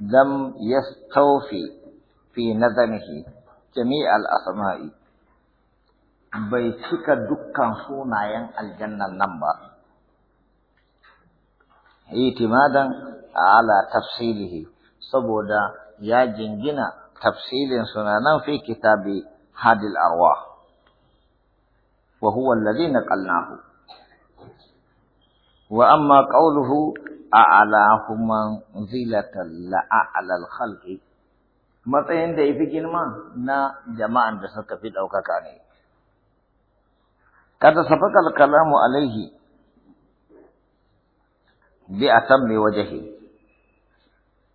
لم يستوفي في نظمه جميع الأسماء بيتك دكان سونا ين الجنة نمبر اعتمادا على تفصيله سبودا يا جنجنا تفصيل سنانا في كتاب هاد الأرواح وهو الذي نقلناه وأما قوله a'alahuma zilatan la'alal khalqi matsayin da yafi girma na jama'an da suka fi ɗaukaka ne kada safakal kalamu alaihi bi atammi wajhi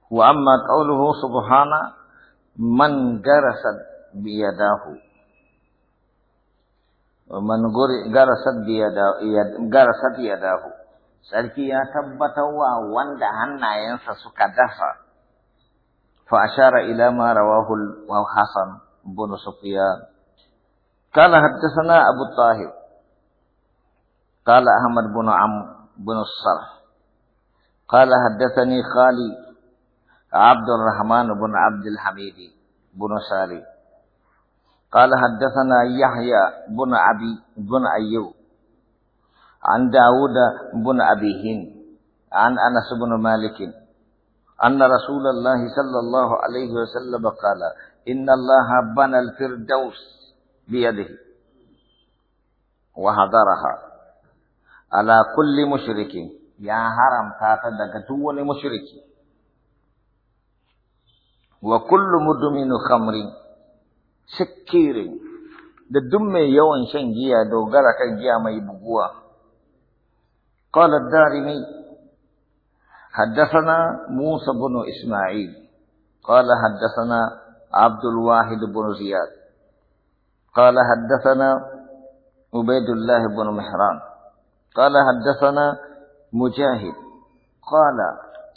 wa amma qawluhu subhana man garasat wa man garasat biyadahu garasat yadahu sarki ya tabbatar wa wanda hannayensa suka dafa fa ashara ila ma rawahu hasan bin sufyan qala haddathana abu tahir qala ahmad bin am bin sarh قال حدثني خالي عبد الرحمن بن عبد الحميد بن سالي قال حدثنا يحيى بن أبي بن أيوب عن داود بن أبي هن عن أنس بن مالك أن رسول الله صلى الله عليه وسلم قال إن الله بنى الفردوس بيده وهدرها على كل مشرك يا حرم كاتدك دول مشرك وكل مدمن خمر سكير da duk mai yawan shan giya dogara kan giya mai buguwa قال الدارمي حدثنا موسى بن إسماعيل قال حدثنا عبد الواحد بن زياد قال حدثنا عبيد الله بن محران قال حدثنا مجاهد قال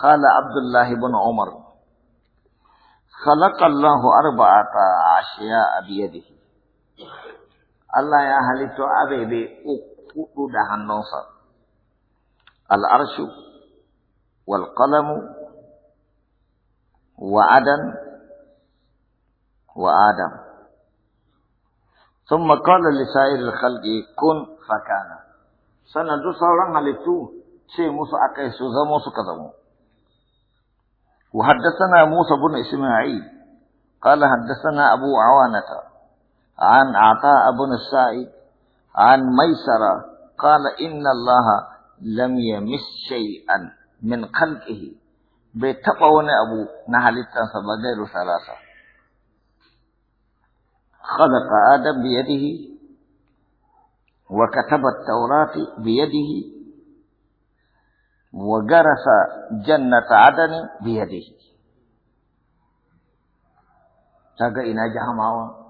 قال عبد الله بن عمر خلق الله أربعة أشياء بيده الله يا هل تعبي بأقود نصر العرش والقلم وعدن وآدم ثم قال لسائر الخلق كن فكان سنة دو سوران هلتو شيء موسى أكي سوزا موسى كذبو وحدثنا موسى بن إسماعيل قال حدثنا أبو عوانة عن عطاء بن السائب عن ميسرة قال إن الله لم يمس شيئا من خلقه بيتقون أبو التنصب غير ثلاثة خلق آدم بيده وكتب التوراة بيده وجرس جنة عدن بيده تقى إنا جهماوة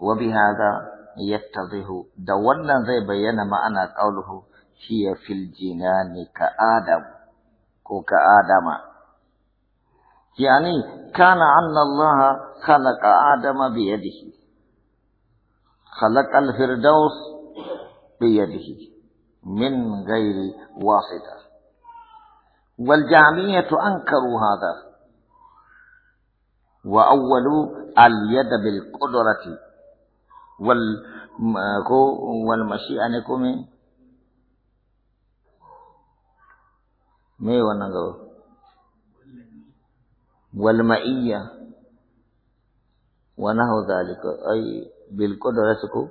وبهذا يتضح da wannan zai bayyana ma'ana qauluhu hiya fil jinani ka adam ko ka adama yani kana anna allaha khalaqa adama bi yadihi khalaqa al firdaus bi yadihi min ghairi wasita wal jami'atu ankaru hadha wa awwalu al yad bil qudrati wal ko wal mashi'a ne ko me me wannan gaba wal ma'iyya wa nahu zalika ai bil qudrati ko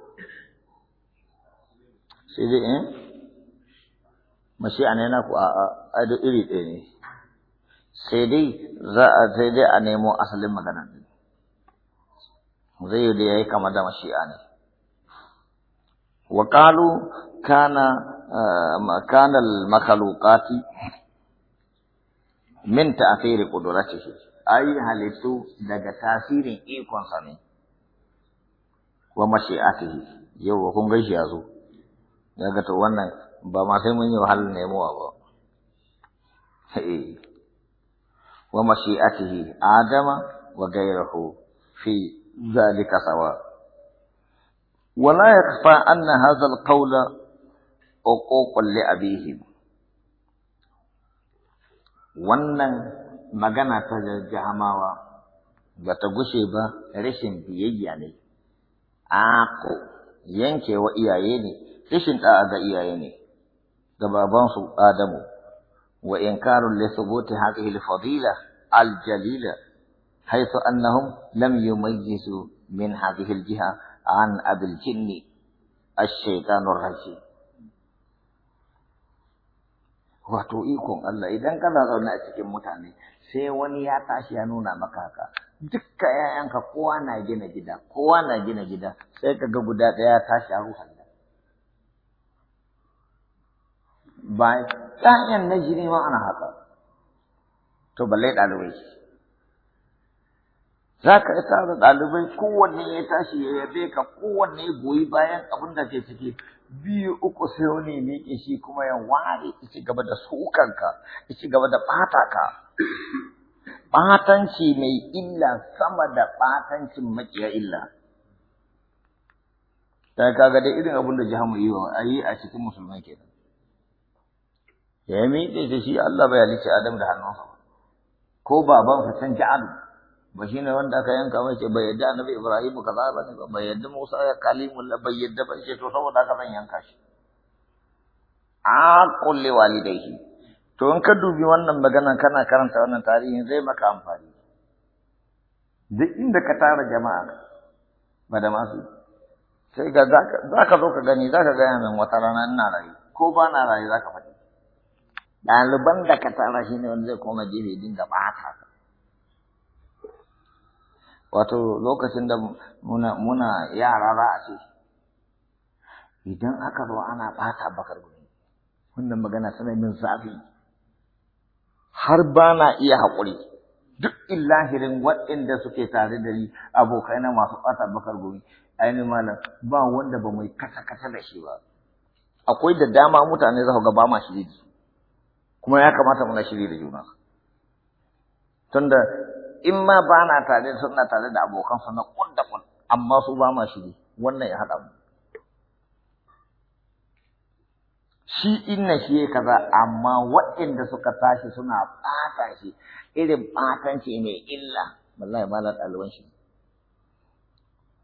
sai dai eh mashi'a ne na ku a a iri ɗaya ne sai dai za a sai dai a nemo asalin magana ne zai yi da yi kama da mashi'a ne Waƙalu qalu kana ah, kana al makhluqati min ta'thiri qudratihi ai halittu daga tasirin ikonsa ne wa yi, yau kun gaishe yazo ya to wannan ba ma sai mun yi wahalar nemo ba eh. wa mashi'atihi adama wa gairahu fi ذلك سواء ولا يخفى أن هذا القول عقوق لأبيهم wannan magana ta jahamawa ba ta gushe ba rashin biyayya ne ako yankewa iyaye ne rashin da'a ga iyaye ne ga babansu adamu wa inkarun li thubuti hadhihi al-fadila al-jalila حيث أنهم لم يميزوا من هذه الجهة عن أبي الجن الشيطان الرجيم wato ikon Allah idan kana zaune a cikin mutane sai wani ya tashi ya nuna maka haka dukkan ƴaƴanka kowa na gina gida kowa na gina gida sai ka ga guda ɗaya ya tashi a ruha ba ƴaƴan na jini ma ana haka to balle ɗalibai za ka yi tara ɗalibai kowanne ya tashi ya yabe ka kowanne ya goyi bayan abin da ke ciki biyu uku sai wani ya miƙe shi kuma ya ware ya ci gaba da sukanka ya ci gaba da ɓata ka ɓatanci mai illa sama da ɓatancin maƙiya illa ta kaga dai irin abin da hamu yi wa a yi a cikin ke kenan ya miƙe shi Allah bai halicci Adam da hannunsa ko baban sa can ba shi ne wanda aka yanka mai ce bai yadda annabi Ibrahim kaza ba ne ba bai yadda Musa ya kalimullah bai yadda ba ce to saboda aka zan yanka shi a kulli shi. to in ka dubi wannan maganan kana karanta wannan tarihin zai maka amfani duk inda ka tara jama'a ba da masu sai ga za ka zo ka gani za ka gaya min wata rana ina rayu ko ba na rayu za ka faɗi ɗaliban da ka tara shi ne wanda zai koma gefe dinga ɓata ka wato lokacin da muna yara za a ce idan aka zo ana ɓata bakar gumi wannan magana tana min zafi har ba na iya haƙuri duk illahirin waɗanda suke tare da ni abokai na masu ɓata bakar gumi ainihin malam ba wanda ba mai kasa-kasa da shi ba akwai da dama mutane za ku ga ba ma shiri kuma ya kamata muna shiri da juna tunda in ma ba na tare suna tare da abokansa na kun da kun amma su ba ma shiri wannan ya haɗa mu shi inna shi ya kaza amma waɗanda suka tashi suna ɓata shi irin ɓatanci ne illa wallahi malar ɗaliban shi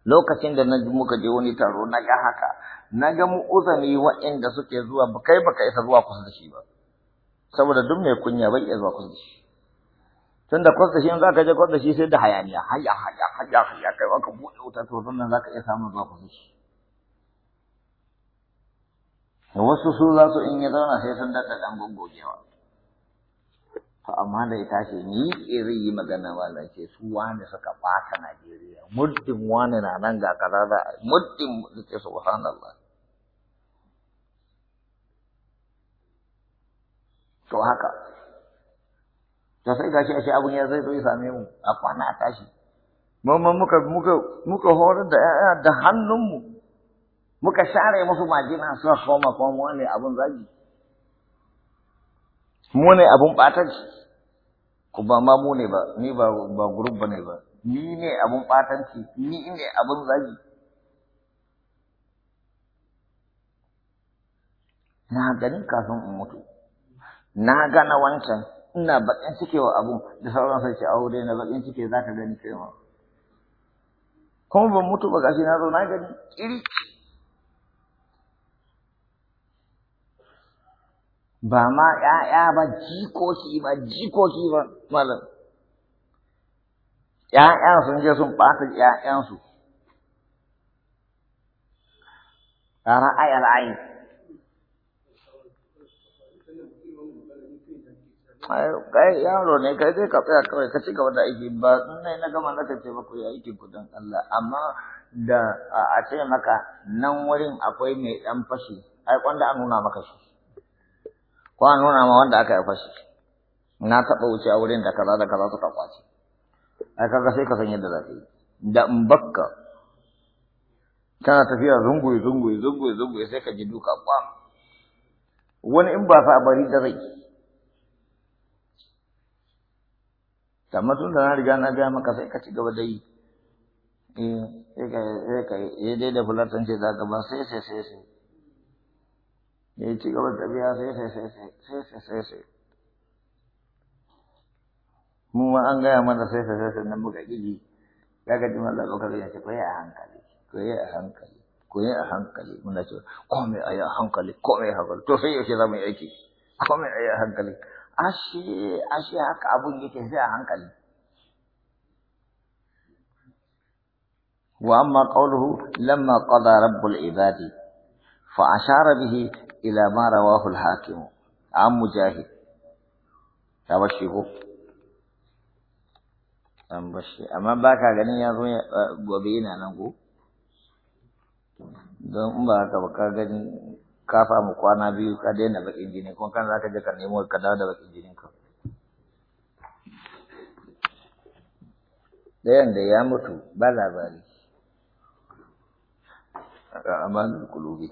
lokacin da na ji muka je wani taro na ga haka na ga mu uzani waɗanda suke zuwa ba kai baka isa zuwa kusa da shi ba saboda duk mai kunya bai iya zuwa kusa da shi tunda kwasta shi za zaka je kwasta shi sai da hayaniya hayya hayya hayya hayya kai wa ka buɗe wuta to sannan ka iya samun zuwa kusa shi wasu su za su in ya zauna sai sun daɗa ɗan gogogewa to amma da ita ce ni ke zai yi magana ba da ce su wani suka ɓata Najeriya muddin wani na nan ga kaza da muddin suke subhanallah to haka to sai gashi ashe abun ya zai zo same mu a kwana a tashi mu muka muka muka horar da ƴaƴa da hannunmu muka share musu majina su koma kuma ne abun zagi mu ne abun ɓatanci ku ba ma mu ne ba ni ba ba group ba ni ne abun ɓatanci ni ne abun zagi na gani kafin in mutu na gana wancan ina bakin cike wa abu da sauran sai ce aure na bakin cike za ka gani kai ma kuma ban mutu ba gashi na zo na gani kiri ba ma ƴaƴa ba jikoki ba jikoki ba malam ƴaƴa sun je sun ɓata ƴaƴansu ra'ayar ayin kai yaro ne kai zai ka kawai ka ci gaba da aiki ba in na gama na ka ce ba ku yi aikin ku Allah amma da a ce maka nan wurin akwai mai dan fashi ai wanda an nuna maka shi ko an nuna ma wanda aka yi fashi na taɓa wuce a wurin da kaza da kaza suka kwace ai kaga sai ka san yadda za ka yi da in bakka kana tafiya zunguye zunguye zunguye zunguye sai ka ji duka kwam wani in ba sa bari da zai amma tun da na riga na gaya maka sai ka ci gaba da yi sai ka yi dai da fulatan ce za ka ban sai sai sai sai ya ci gaba da biya sai sai sai sai sai sai sai mu ma an gaya mana sai sai sai nan muka gigi ya ga jima da lokacin ya ce ko a hankali ko a hankali ko a hankali muna ce komai a yi a hankali komai a hankali to sai yaushe za mu yi aiki komai a yi a hankali ashe ashe haka abun yake sai a hankali wa amma qawluhu lamma qada rabbul ibadi fa ashara bihi ila ma rawahu al hakim an mujahid ta bashi ko an bashi amma baka ganin ya zo gobe yana nan ko don in ba haka ba ka gani ka samu kwana biyu ka daina bakin jini kuma kan za ka je ka nemo ka dawo da bakin jinin ka dayan da ya mutu ba labari a amanin kulubi